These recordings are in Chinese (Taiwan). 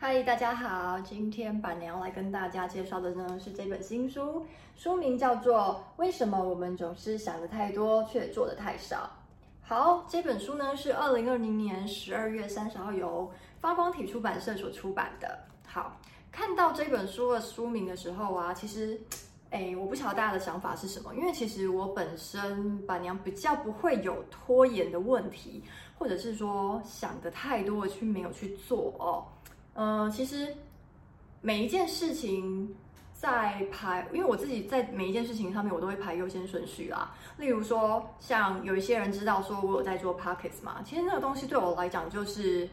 嗨，Hi, 大家好，今天板娘來跟大家介紹的呢是這本新書，書名叫做《為什麼我們總是想得太多，卻做得太少》。好，這本書呢是二零二零年十二月三十號由發光體出版社所出版的。好，看到這本書的書名的時候啊，其實，哎，我不曉得大家的想法是什麼，因為其實我本身板娘比較不會有拖延的問題，或者是說想得太多卻去沒有去做哦。呃、嗯，其實每一件事情在排，因為我自己在每一件事情上面，我都會排優先順序啦。例如說，像有一些人知道說我有在做 podcast 嘛，其實那個東西對我來講就是，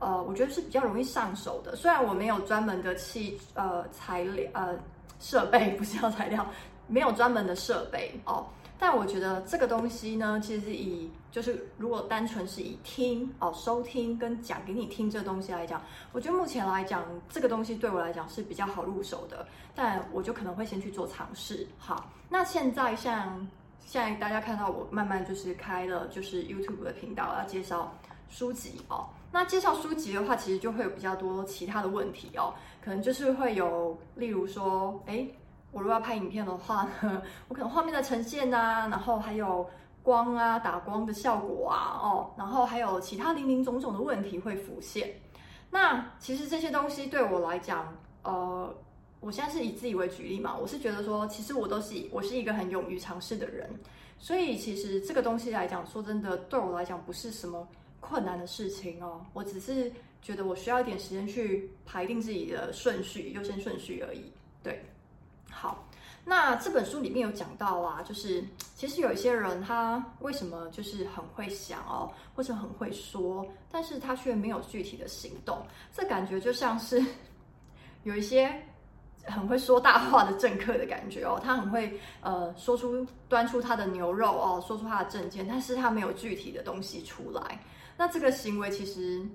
呃，我覺得是比較容易上手的。雖然我沒有專門的器呃材料呃設備，不是要材料，沒有專門的設備哦。但我覺得這個東西呢，其實以就是如果單純是以聽哦收聽跟講給你聽這東西來講，我覺得目前來講，這個東西對我來講是比較好入手的。但我就可能會先去做嘗試。好，那現在像現在大家看到我慢慢就是開了就是 YouTube 的頻道，要介紹書籍哦。那介紹書籍的話，其實就會有比較多其他的問題哦，可能就是會有例如說，哎。我如果要拍影片的話呢，我可能畫面的呈現啊，然後還有光啊、打光的效果啊，哦，然後還有其他林林種種的問題會浮現。那其實這些東西對我來講，呃，我現在是以自己為舉例嘛，我是覺得說，其實我都是我是一個很勇於嘗試的人，所以其實這個東西來講，說真的，對我來講不是什麼困難的事情哦。我只是覺得我需要一點時間去排定自己的順序、優先順序而已，對。好，那這本書裡面有講到啊，就是其實有一些人他為什麼就是很會想哦，或者很會說，但是他卻沒有具體的行動，這感覺就像是有一些很會說大話的政客的感覺哦，他很會呃說出端出他的牛肉哦，說出他的政見，但是他沒有具體的東西出來，那這個行為其實。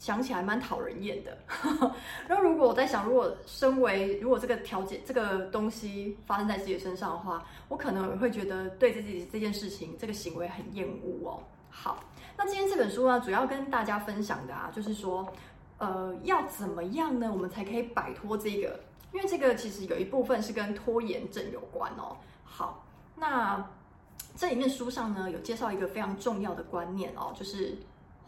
想起來蠻討人厭的。 然後，如果我在想，如果身為如果這個調節這個東西發生在自己身上的話，我可能會覺得對自己這件事情、這個行為很厭惡哦。好，那今天這本書呢，主要跟大家分享的啊，就是說，呃，要怎麼樣呢？我們才可以擺脫這個？因為這個其實有一部分是跟拖延症有關哦。好，那這裡面書上呢有介紹一個非常重要的觀念哦，就是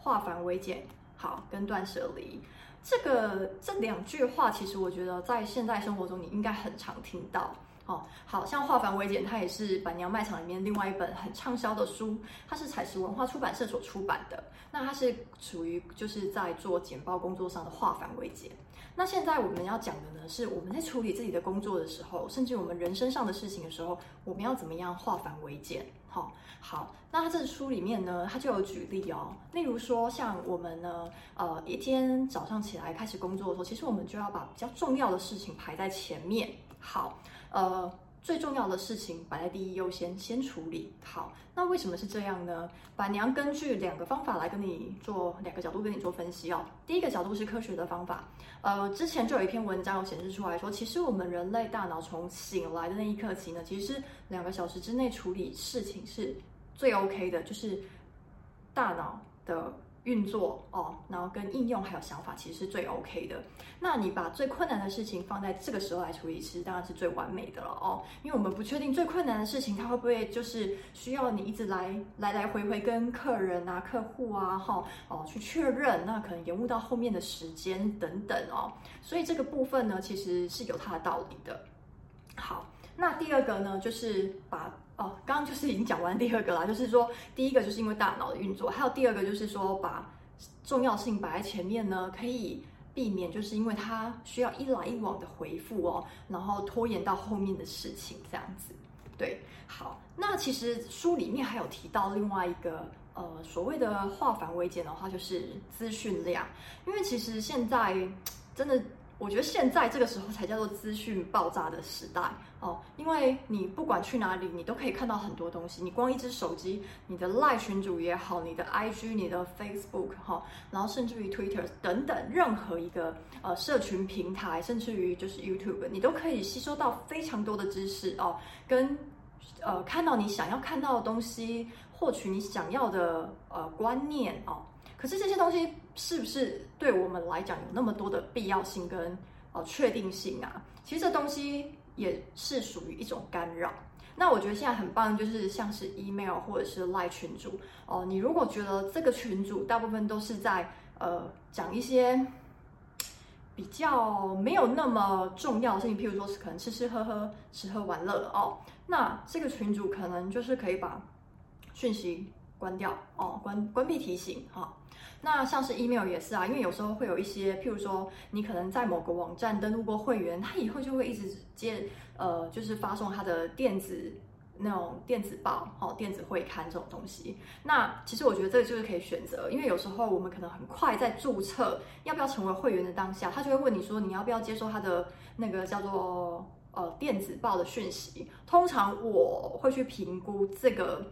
化繁為簡。好，跟斷捨離，這個這兩句話，其實我覺得在現代生活中，你應該很常聽到。哦，好像化繁為簡，它也是板娘賣場裡面另外一本很暢銷的書，它是采實文化出版社所出版的。那它是屬於就是在做簡報工作上的化繁為簡。那現在我們要講的呢，是我們在處理自己的工作的時候，甚至我們人生上的事情的時候，我們要怎麼樣化繁為簡？好、哦，好，那它這個書裡面呢，它就有舉例哦，例如說像我們呢，呃，一天早上起來開始工作的時候，其實我們就要把比較重要的事情排在前面。好。呃，最重要的事情擺在第一優先，先處理好。那為什麼是這樣呢？板娘根據兩個方法來跟你做兩個角度跟你做分析哦。第一個角度是科學的方法，呃，之前就有一篇文章有顯示出來說，其實我們人類大腦從醒來的那一刻起呢，其實兩個小時之內處理事情是最 OK 的，就是大腦的。運作哦，然後跟應用還有想法其實是最 OK 的。那你把最困難的事情放在這個時候來處理，其實當然是最完美的了哦。因為我們不確定最困難的事情它會不會就是需要你一直來來來回回跟客人啊、客戶啊、哈哦去確認，那可能延誤到後面的時間等等哦。所以這個部分呢，其實是有它的道理的。好，那第二個呢，就是把。哦，剛剛就是已經講完第二個啦，就是說第一個就是因為大腦的運作，還有第二個就是說把重要性擺在前面呢，可以避免，就是因為它需要一來一往的回復哦，然後拖延到後面的事情這樣子。對，好，那其實書裡面還有提到另外一個呃所謂的化繁為簡的話，就是資訊量，因為其實現在真的，我覺得現在這個時候才叫做資訊爆炸的時代。哦，因為你不管去哪裡，你都可以看到很多東西。你光一隻手機，你的 line 群主也好，你的 IG、你的 Facebook 哈、哦，然後甚至於 Twitter 等等，任何一個呃社群平台，甚至於就是 YouTube，你都可以吸收到非常多的知識哦，跟呃看到你想要看到的東西，獲取你想要的呃觀念哦。可是這些東西是不是對我們來講有那麼多的必要性跟哦、呃、確定性啊？其實這東西。也是屬於一種干擾。那我覺得現在很棒，就是像是 email 或者是 Line 群組，哦。你如果覺得這個群組大部分都是在呃講一些比較沒有那麼重要的事情，譬如說是可能吃吃喝喝、吃喝玩樂哦，那這個群組可能就是可以把訊息。關掉哦，關關閉提醒啊、哦。那像是 email 也是啊，因為有時候會有一些，譬如說你可能在某個網站登錄過會員，他以後就會一直接呃，就是發送他的電子那種電子報哦、電子會刊這種東西。那其實我覺得這個就是可以選擇，因為有時候我們可能很快在注冊要不要成為會員的當下，他就會問你說，你要不要接受他的那個叫做呃電子報的訊息。通常我會去評估這個。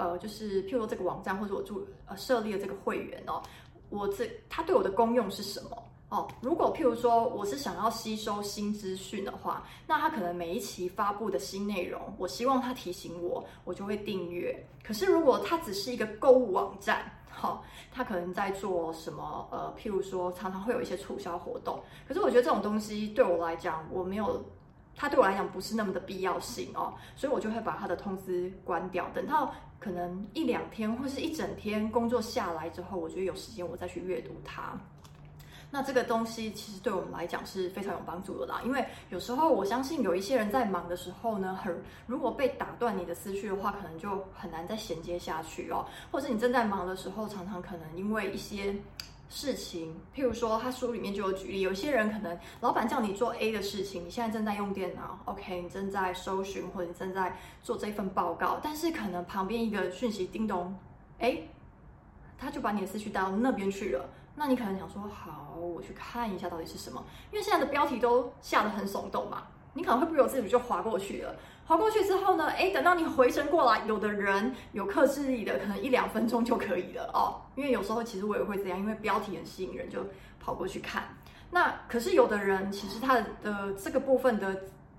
呃，就是譬如說這個網站或者我注呃設立的這個會員哦，我這他對我的功用是什麼？哦，如果譬如說我是想要吸收新資訊的話，那他可能每一期發布的新內容，我希望他提醒我，我就會訂閱。可是如果它只是一個購物網站，好，哦，他可能在做什麼？呃，譬如說常常會有一些促銷活動。可是我覺得這種東西對我來講，我沒有他對我來講不是那麼的必要性哦，所以我就會把他的通知關掉，等到，可能一兩天，或是一整天工作下來之後，我覺得有時間我再去閱讀它。那這個東西其實對我們來講是非常有幫助的啦，因為有時候我相信有一些人在忙的時候呢，很如果被打斷你的思緒的話，可能就很難再銜接下去哦。或者是你正在忙的時候，常常可能因為一些。事情，譬如說，他書裡面就有舉例，有些人可能老闆叫你做 A 的事情，你現在正在用電腦，OK，你正在搜尋或者你正在做這份報告，但是可能旁邊一個訊息叮咚，哎、欸，他就把你的思緒帶到那邊去了，那你可能想說，好，我去看一下到底是什麼，因為現在的標題都下得很聳動嘛。你可能會不由自主就划過去了，划過去之後呢？誒，等到你回神過來，有的人有克制力的，可能一兩分鐘就可以了哦。因為有時候其實我也會這樣，因為標題很吸引人，就跑過去看。那可是有的人其實他的、呃、這個部分的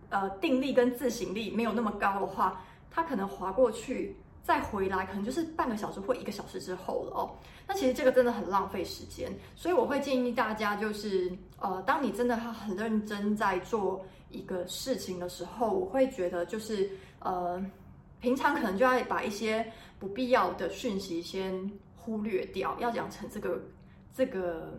呃定力跟自省力沒有那麼高的話，他可能划過去再回來，可能就是半個小時或一個小時之後了哦。那其實這個真的很浪費時間，所以我會建議大家就是呃，當你真的很認真在做。一個事情的時候，我會覺得就是呃，平常可能就要把一些不必要的訊息先忽略掉，要養成這個這個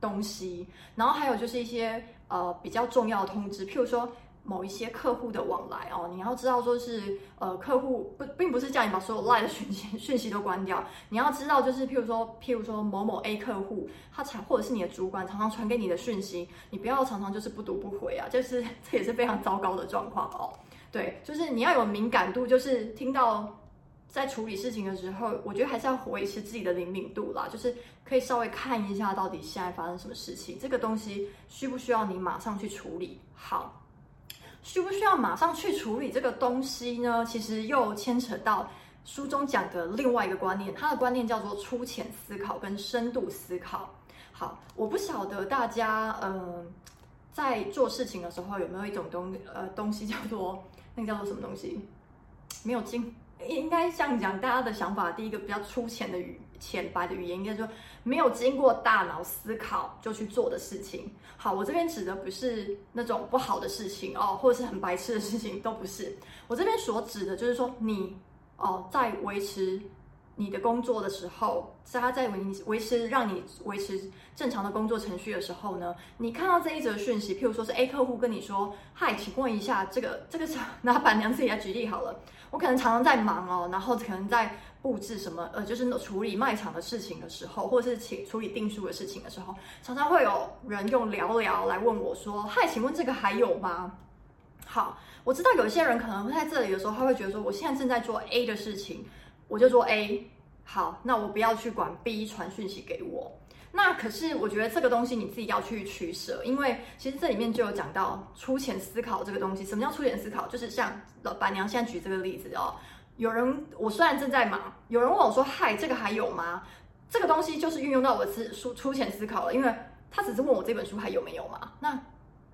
東西。然後還有就是一些呃比較重要的通知，譬如說。某一些客戶的往來哦，你要知道，說是呃，客戶不並不是叫你把所有賴的訊息訊息都關掉，你要知道，就是譬如說，譬如說某某 A 客戶他常或者是你的主管常常傳給你的訊息，你不要常常就是不讀不回啊，就是這也是非常糟糕的狀況哦。對，就是你要有敏感度，就是聽到在處理事情的時候，我覺得還是要維持自己的靈敏度啦，就是可以稍微看一下到底現在發生什麼事情，這個東西需不需要你馬上去處理好。需不需要馬上去處理這個東西呢？其實又牽扯到書中講的另外一個觀念，他的觀念叫做粗淺思考跟深度思考。好，我不曉得大家，嗯、呃，在做事情的時候有沒有一種東呃東西叫做那個叫做什麼東西？沒有經，應該像你講，大家的想法第一個比較粗淺的語。淺白的語言應該、就是、說，沒有經過大腦思考就去做的事情。好，我這邊指的不是那種不好的事情哦，或者是很白痴的事情，都不是。我這邊所指的就是說你，你哦，在維持。你的工作的時候，他在維維持讓你維持正常的工作程序的時候呢，你看到這一則訊息，譬如說是 A 客戶跟你說：“嗨，請問一下，這個這個是老板娘自己來舉例好了，我可能常常在忙哦，然後可能在布置什麼，呃，就是處理賣場的事情的時候，或者是請處理訂書的事情的時候，常常會有人用聊聊來問我說：嗨，請問這個還有嗎？好，我知道有些人可能會在這裡的時候，他會覺得說我現在正在做 A 的事情。”我就說 A 好，那我不要去管 B 傳訊息給我。那可是我覺得這個東西你自己要去取捨，因為其實這裡面就有講到出錢思考這個東西。什麼叫出錢思考？就是像老板娘現在舉這個例子哦，有人我雖然正在忙，有人問我說嗨，這個還有嗎？這個東西就是運用到我的思書出錢思考了，因為他只是問我這本書還有沒有嘛。那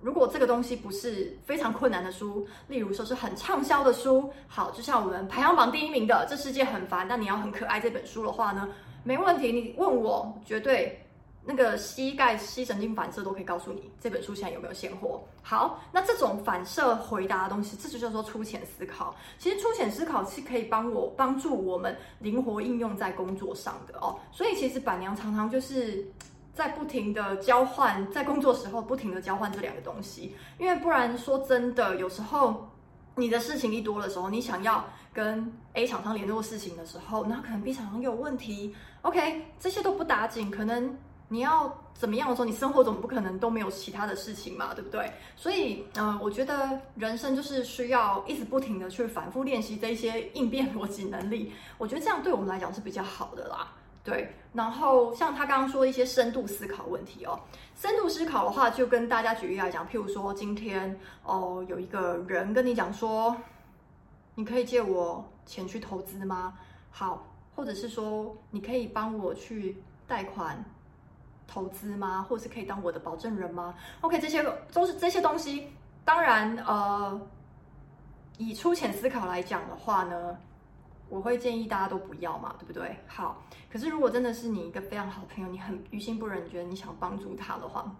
如果這個東西不是非常困難的書，例如說是很暢銷的書，好，就像我們排行榜第一名的《這世界很煩，但你要很可愛》這本書的話呢，沒問題，你問我絕對那個膝蓋膝神經反射都可以告訴你這本書現在有沒有現貨。好，那這種反射回答的東西，這就叫做粗淺思考。其實粗淺思考是可以幫我幫助我們靈活應用在工作上的哦。所以其實板娘常常就是。在不停的交換，在工作時候不停的交換這兩個東西，因為不然說真的，有時候你的事情一多的時候，你想要跟 A 廠商聯絡事情的時候，那可能 B 廠商又有問題，OK，這些都不打緊，可能你要怎麼樣的時候，你生活總不可能都沒有其他的事情嘛，對不對？所以，嗯、呃，我覺得人生就是需要一直不停的去反覆練習這一些應變邏輯能力，我覺得這樣對我們來講是比較好的啦。對，然後像他剛剛說一些深度思考問題哦。深度思考的話，就跟大家舉例來講，譬如說今天哦、呃，有一個人跟你講說，你可以借我錢去投資嗎？好，或者是說你可以幫我去貸款投資嗎？或者是可以當我的保證人嗎？OK，這些都是這些東西。當然，呃，以粗淺思考來講的話呢。我會建議大家都不要嘛，對不對？好，可是如果真的是你一個非常好的朋友，你很於心不忍，你覺得你想幫助他的話，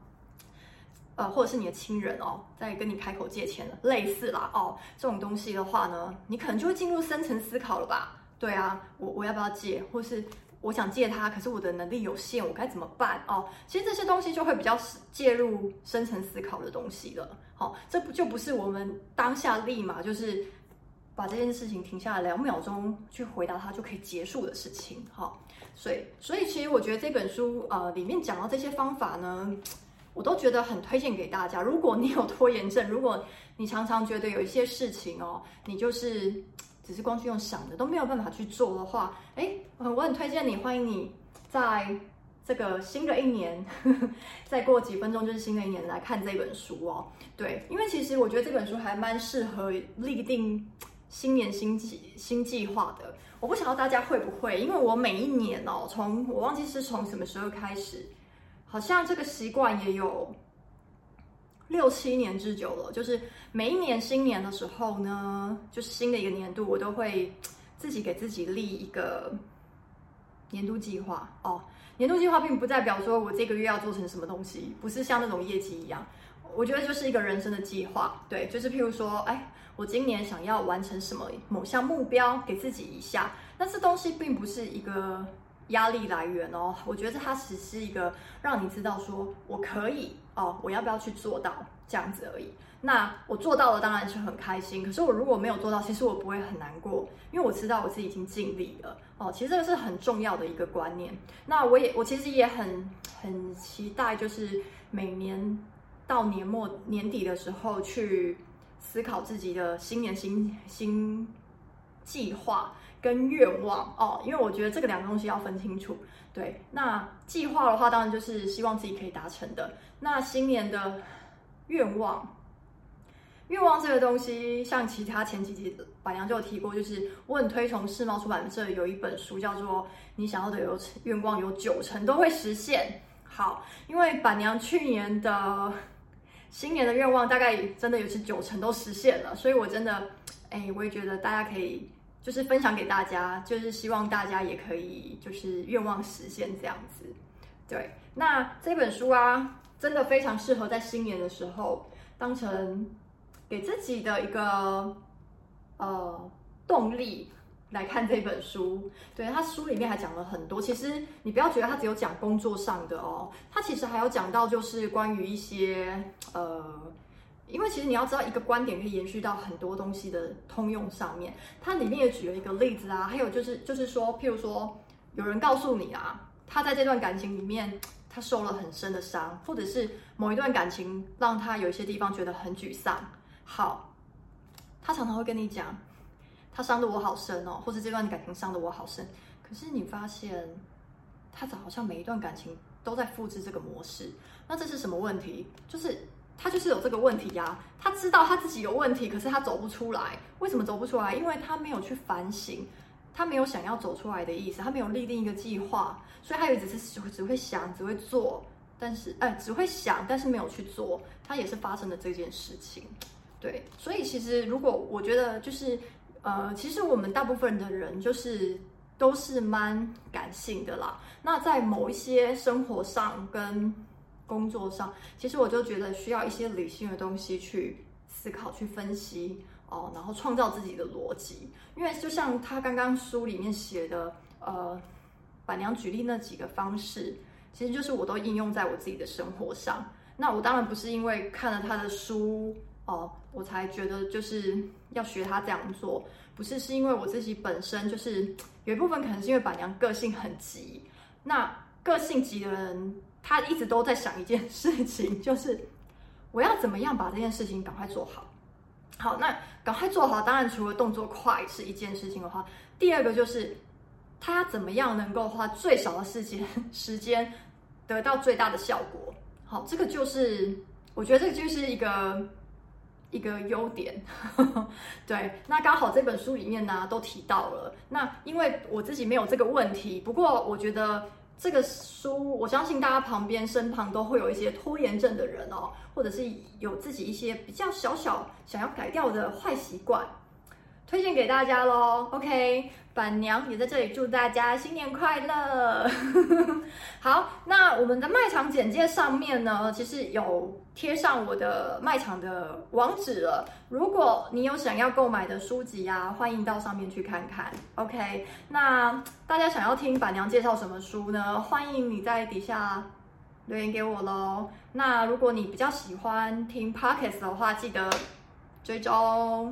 呃，或者是你的親人哦，在跟你開口借錢，類似啦哦，這種東西的話呢，你可能就會進入深層思考了吧？對啊，我我要不要借，或是我想借他，可是我的能力有限，我該怎麼辦？哦，其實這些東西就會比較介入深層思考的東西了。好，哦，這不就不是我們當下立馬就是。把這件事情停下來兩秒鐘去回答它就可以結束的事情，哦、所以所以其實我覺得這本書啊、呃、裡面講到這些方法呢，我都覺得很推薦給大家。如果你有拖延症，如果你常常覺得有一些事情哦，你就是只是光去用想的，都沒有辦法去做的話，誒，我很推薦你，歡迎你在這個新的一年呵呵，再過幾分鐘就是新的一年來看這本書哦。對，因為其實我覺得這本書還蠻適合立定新年新計新計劃的，我不曉得大家會不會，因為我每一年哦，從我忘記是從什麼時候開始，好像這個習慣也有六七年之久了。就是每一年新年的時候呢，就是新的一個年度，我都會自己給自己立一個年度計劃哦。年度計劃並不代表說我這個月要做成什麼東西，不是像那種業績一樣。我覺得就是一個人生的計劃，對，就是譬如說，哎，我今年想要完成什麼某項目標，給自己一下。那這東西並不是一個壓力來源哦。我覺得它只是一個讓你知道說，我可以哦，我要不要去做到這樣子而已。那我做到了當然是很開心，可是我如果沒有做到，其實我不會很難過，因為我知道我自己已經盡力了哦。其實這個是很重要的一個觀念。那我也，我其實也很很期待，就是每年。到年末年底的時候去思考自己的新年新新計劃跟願望哦，因為我覺得這個兩個東西要分清楚。對，那計劃的話，當然就是希望自己可以達成的。那新年的願望，願望這個東西，像其他前幾集板娘就有提過，就是我很推崇世茂出版社有一本書叫做《你想要的有願望有九成都會實現》。好，因為板娘去年的新年的願望大概真的有是九成都實現了，所以我真的，哎、欸，我也覺得大家可以就是分享給大家，就是希望大家也可以就是願望實現這樣子。對，那這本書啊，真的非常適合在新年的時候當成給自己的一個呃動力。來看這本書，對，他書裡面還講了很多。其實你不要覺得他只有講工作上的哦，他其實還有講到就是關於一些呃，因為其實你要知道一個觀點可以延續到很多東西的通用上面。他裡面也舉了一個例子啊，還有就是就是說，譬如說有人告訴你啊，他在這段感情裡面他受了很深的傷，或者是某一段感情讓他有一些地方覺得很沮喪。好，他常常會跟你講。他傷得我好深哦，或是這段感情傷得我好深。可是你發現，他好像每一段感情都在複製這個模式。那這是什麼問題？就是他就是有這個問題呀、啊。他知道他自己有問題，可是他走不出來。為什麼走不出來？因為他沒有去反省，他沒有想要走出來的意思，他沒有立定一個計劃，所以他一直是只只會想，只會做。但是，哎、欸，只會想，但是沒有去做。他也是發生了這件事情。對，所以其實如果我覺得就是。呃，其實我們大部分的人就是都是蠻感性的啦。那在某一些生活上跟工作上，其實我就覺得需要一些理性的東西去思考、去分析哦，呃，然後創造自己的邏輯。因為就像他剛剛書裡面寫的，呃，板娘舉例那幾個方式，其實就是我都應用在我自己的生活上。那我當然不是因為看了他的書。哦，我才覺得就是要學他這樣做，不是，是因為我自己本身就是有一部分，可能是因為板娘個性很急。那個性急的人，他一直都在想一件事情，就是我要怎麼樣把這件事情趕快做好。好，那趕快做好，當然除了動作快是一件事情的話，第二個就是他怎麼樣能夠花最少的時間，時間得到最大的效果。好，這個就是我覺得這就是一個。一個優點呵呵，對，那剛好這本書裡面呢、啊、都提到了。那因為我自己沒有這個問題，不過我覺得這個書，我相信大家旁邊、身旁都會有一些拖延症的人哦，或者是有自己一些比較小小想要改掉的壞習慣。推薦給大家嘍，OK，板娘也在這裡祝大家新年快樂。 好，那我們的賣場簡介上面呢，其實有貼上我的賣場的網址了。如果你有想要購買的書籍啊，歡迎到上面去看看。OK，那大家想要聽板娘介紹什麼書呢？歡迎你在底下留言給我嘍。那如果你比較喜歡聽 Podcast 的話，記得追蹤。